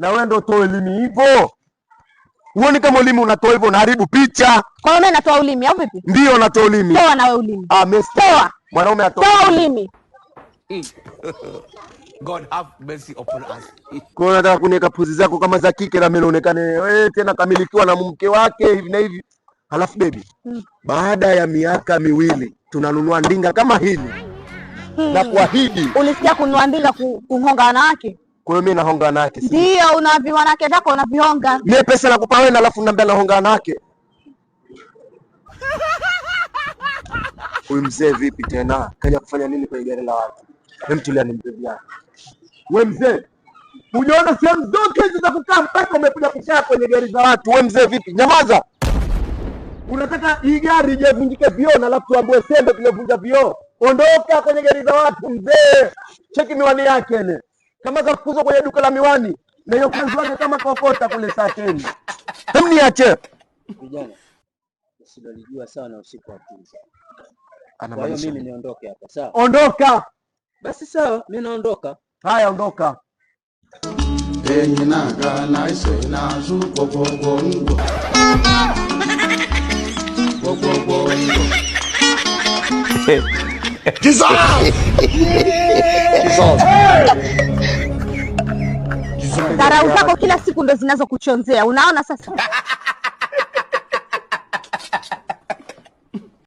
na wewe ndio utoe ulimi hivyo. Uone kama ulimi unatoa hivyo unaharibu picha. Kwa nini natoa ulimi au vipi? Ndio natoa ulimi. Toa na wewe ulimi. Ah, mstoa. Mwanaume atoa. Toa ulimi. Eh. God have mercy upon us. Kwa nini nataka kuniweka pozi zako kama za kike na mimi naonekane wewe tena kamilikiwa na mke wake hivi na hivi. Halafu baby. Hmm. Baada ya miaka miwili tunanunua ndinga kama hili. Hmm. Na kuahidi. Ulisikia kununua ndinga kuhonga wanawake? Kwa hiyo mimi nahongana nake. Ndio, una viwanake vyako unavihonga. Mimi pesa nakupa wewe na alafu naambia nahongana nake. Huyu mzee vipi tena? Kaja kufanya nini kwenye gari la watu? tulia ni mzee vipi? Wewe mzee, unaona sehemu zote hizo za kukaa mpaka umekuja kukaa kwenye gari za watu. Wewe mzee vipi? Nyamaza. Unataka hii gari ijavunjike vioo na alafu tuambie sembe tulivunja vioo. Ondoka kwenye gari za watu mzee. Cheki miwani yake ne kama kakuzwa kwenye duka la miwani na hiyo kazi yake kama kokota kule saa teni. Mniache vijana, usilolijua sana usiku wa kwanza. Kwa hiyo mimi niondoke hapa, sawa? Ondoka basi, sawa, mimi naondoka. Haya, ondoka enyi nanga naise nazu gogogongo gogogongo Kizaa! Kizaa! dharau zako kila siku ndo zinazokuchonzea, unaona sasa